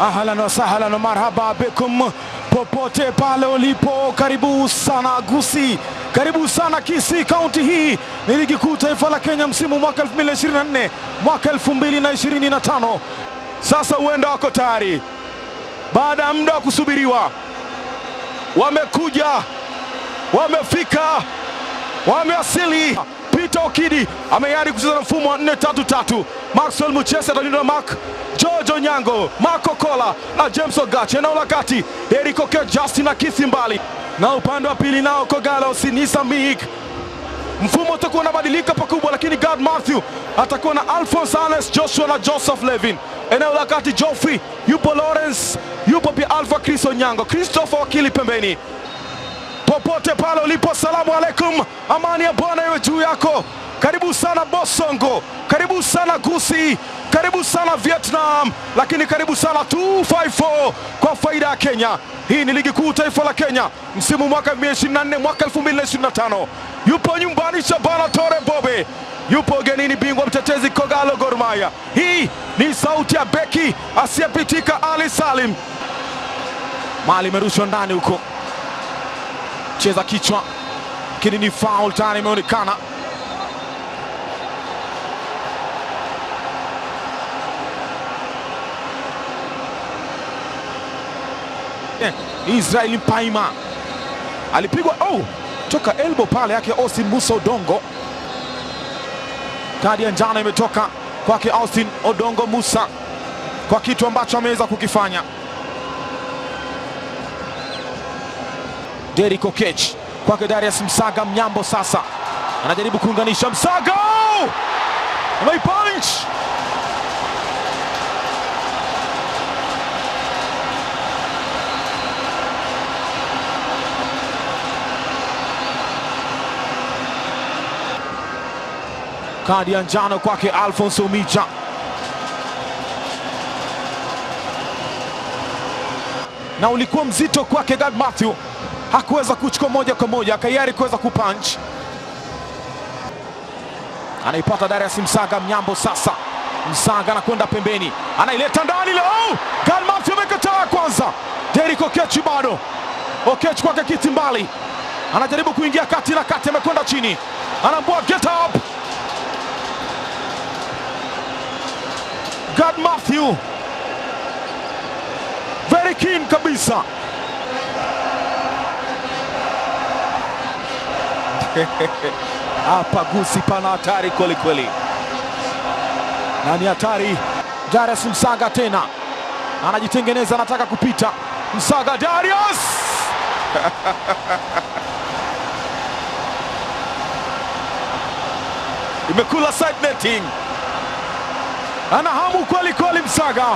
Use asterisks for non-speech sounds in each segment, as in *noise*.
Ahlan wasahlan marhaba bikum, popote pale ulipo, karibu sana Gusi, karibu sana kisi Kaunti hii ni ligi kuu taifa la Kenya msimu mwaka 2024 mwaka 2025. Sasa huenda wako tayari baada ya muda wa kusubiriwa, wamekuja, wamefika, wamewasili. Peter Okidi ameyari kucheza na mfumo wa 4-3-3. Maxwell Mucheza atalinda na Mark Jojo Nyango, Marco Kola na James Ogache. Eneo la kati Eric Oke, Justin Akisi mbali na upande wa pili nao Kogalo Sinisa Miik. Mfumo utakuwa unabadilika pakubwa, lakini Gad Matthew atakuwa na Alphonse Anes Joshua na Joseph Levin. Eneo la kati Joffrey yupo, Lawrence yupo pia, Alpha Chris Onyango, Christopher Wakili pembeni popote pale ulipo, salamu alaikum, amani ya Bwana iwe juu yako. Karibu sana Bosongo, karibu sana gusi karibu sana Vietnam, lakini karibu sana 254 kwa faida ya Kenya. Hii ni ligi kuu taifa la Kenya, msimu mwaka 2024 mwaka 2025. Yupo nyumbani Shabana Tore Bobe, yupo ugenini bingwa mtetezi Kogalo Gor Mahia. Hii ni sauti ya beki asiyepitika Ali Salim. Mali imerushwa ndani huko cheza kichwa, lakini ni foul tani imeonekana. Eh, Israel Mpaima alipigwa oh, toka elbo pale yake Austin Musa Odongo. Kadi ya njano imetoka kwake Austin Odongo Musa kwa kitu ambacho ameweza kukifanya. Derrick Okech kwake Darius Msaga, Mnyambo sasa anajaribu kuunganisha, Msaga anaipunch kadi ya njano kwake Alfonso Micha. Na ulikuwa mzito kwake Gad Mathew hakuweza kuchukua moja kwa moja, akayari kuweza kupunch. Anaipata Darius Msaga Mnyambo, sasa Msaga anakwenda pembeni, anaileta ndani leo. Oh! Kalmati amekataa kwanza. Derrick Okechi bado Okechi oh, kwake kiti mbali, anajaribu kuingia kati na kati, amekwenda chini, anaambua get up God Matthew very keen kabisa. *laughs* hapa gusi pana hatari kweli kweli, na ni hatari. Darius Msaga tena anajitengeneza, anataka kupita Msaga, Darius *laughs* imekula side netting, ana hamu kweli kweli. Msaga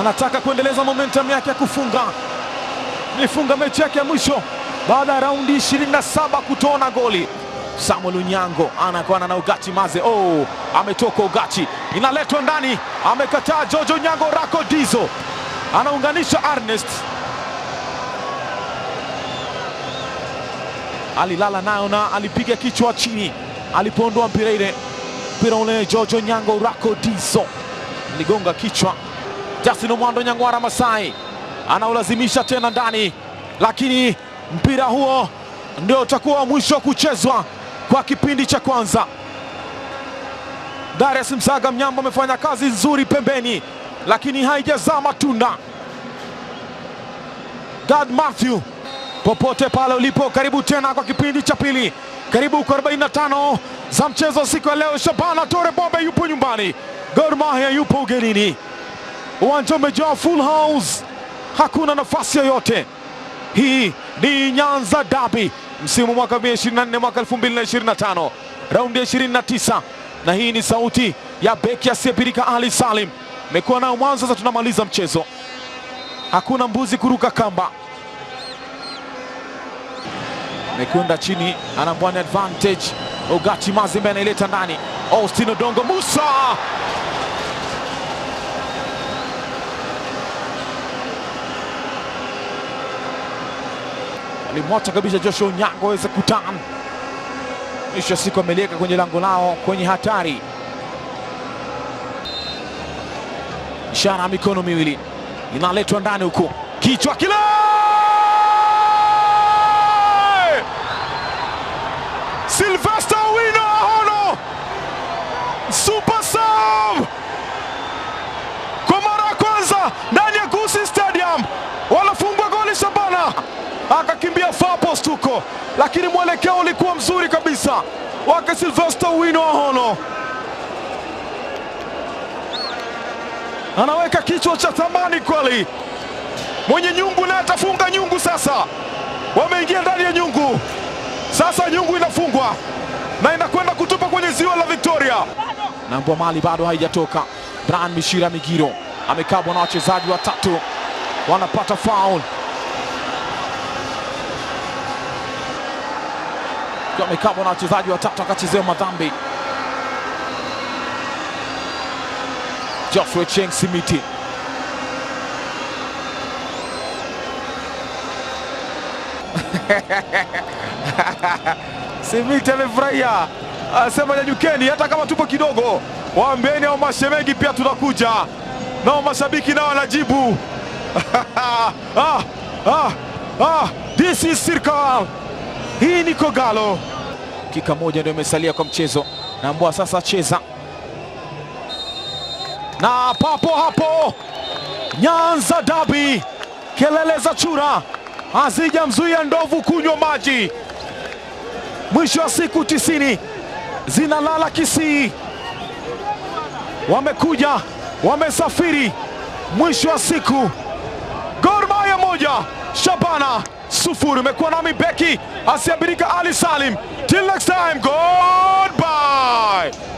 anataka kuendeleza momentum yake ya kufunga, alifunga mechi yake ya mwisho baada ya raundi 27 kutona goli. Samuel Unyango anakwana na Ugachi Maze. Oh, ametoka Ugachi, inaletwa ndani, amekataa Jojo Unyango. Rako Dizo anaunganisha Ernest, alilala nayo na alipiga kichwa chini alipoondoa mpira ile. Mpira ule Jojo Nyango Rako Dizo ligonga kichwa. Justin Omwando Nyang'wara Masai anaulazimisha tena ndani, lakini Mpira huo ndio utakuwa mwisho kuchezwa kwa kipindi cha kwanza. Darius Msaga Mnyambo amefanya kazi nzuri pembeni, lakini haijazaa matunda. Gad Mathew, popote pale ulipo, karibu tena kwa kipindi cha pili. Karibu kwa 45 za mchezo siku ya leo. Shabana Tore Bombe yupo nyumbani, Gor Mahia yupo ugenini. Uwanja umejaa full house, hakuna nafasi yoyote. Hii ni Nyanza Dabi msimu mwaka 2024 mwaka 2025 raundi ya 29, na hii ni sauti ya beki asiyepirika Ali Salim. mekuwa nao mwanzo, sasa tunamaliza mchezo. Hakuna mbuzi kuruka kamba. mekunda chini, anambwani advantage. Ogati Mazembe anaileta ndani. Austin Odongo Musa alimwacha kabisa Joshua Onyango aweze kutan, mwisho wa siku amelieka kwenye lango lao kwenye hatari. Ishara ya mikono miwili inaletwa ndani huku, kichwa kile Ghafla hapo lakini mwelekeo ulikuwa mzuri kabisa wake Silvester Wino Ahono anaweka kichwa cha thamani kweli. Mwenye nyungu naye atafunga nyungu sasa. Wameingia ndani ya nyungu sasa, nyungu inafungwa na inakwenda kutupa kwenye ziwa la Victoria. Nambwa mali bado haijatoka. Brian Mishira Migiro amekabwa na wachezaji watatu, wanapata foul. mipira ya na wachezaji watatu wakachezewa madhambi. Joshua Cheng Simiti *laughs* Simiti amefurahia, asema nyanyukeni, hata kama tupo kidogo, waambieni au mengi pia tunakuja, nao mashabiki nao wanajibu *laughs* ah, ah, ah, ah, this is circle hii ni Kogalo. Kika moja ndio imesalia kwa mchezo, na Mboa sasa cheza na papo hapo. Nyanza Dabi, kelele za chura hazijamzuia ndovu kunywa maji. Mwisho wa siku tisini zinalala Kisii. Wamekuja, wamesafiri, mwisho wa siku Gor Mahia moja Shabana sufuri. Umekuwa nami beki asiabirika Ali Salim, till next time, goodbye.